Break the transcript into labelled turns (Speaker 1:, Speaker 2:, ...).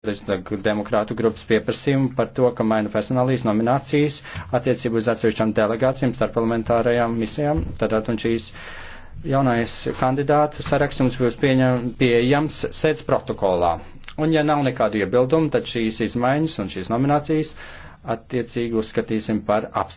Speaker 1: demokrātu grupas pieprasījumu par to, ka maina personālīs nominācijas attiecību uz atsevišķām delegācijām starpparlamentārajām misijām. Tātad un šīs jaunais kandidātu saraksts mums būs pieņem, pieejams sēdz protokolā. Un ja nav nekādu iebildumu, tad šīs izmaiņas un šīs nominācijas attiecīgi uzskatīsim par apstākļiem.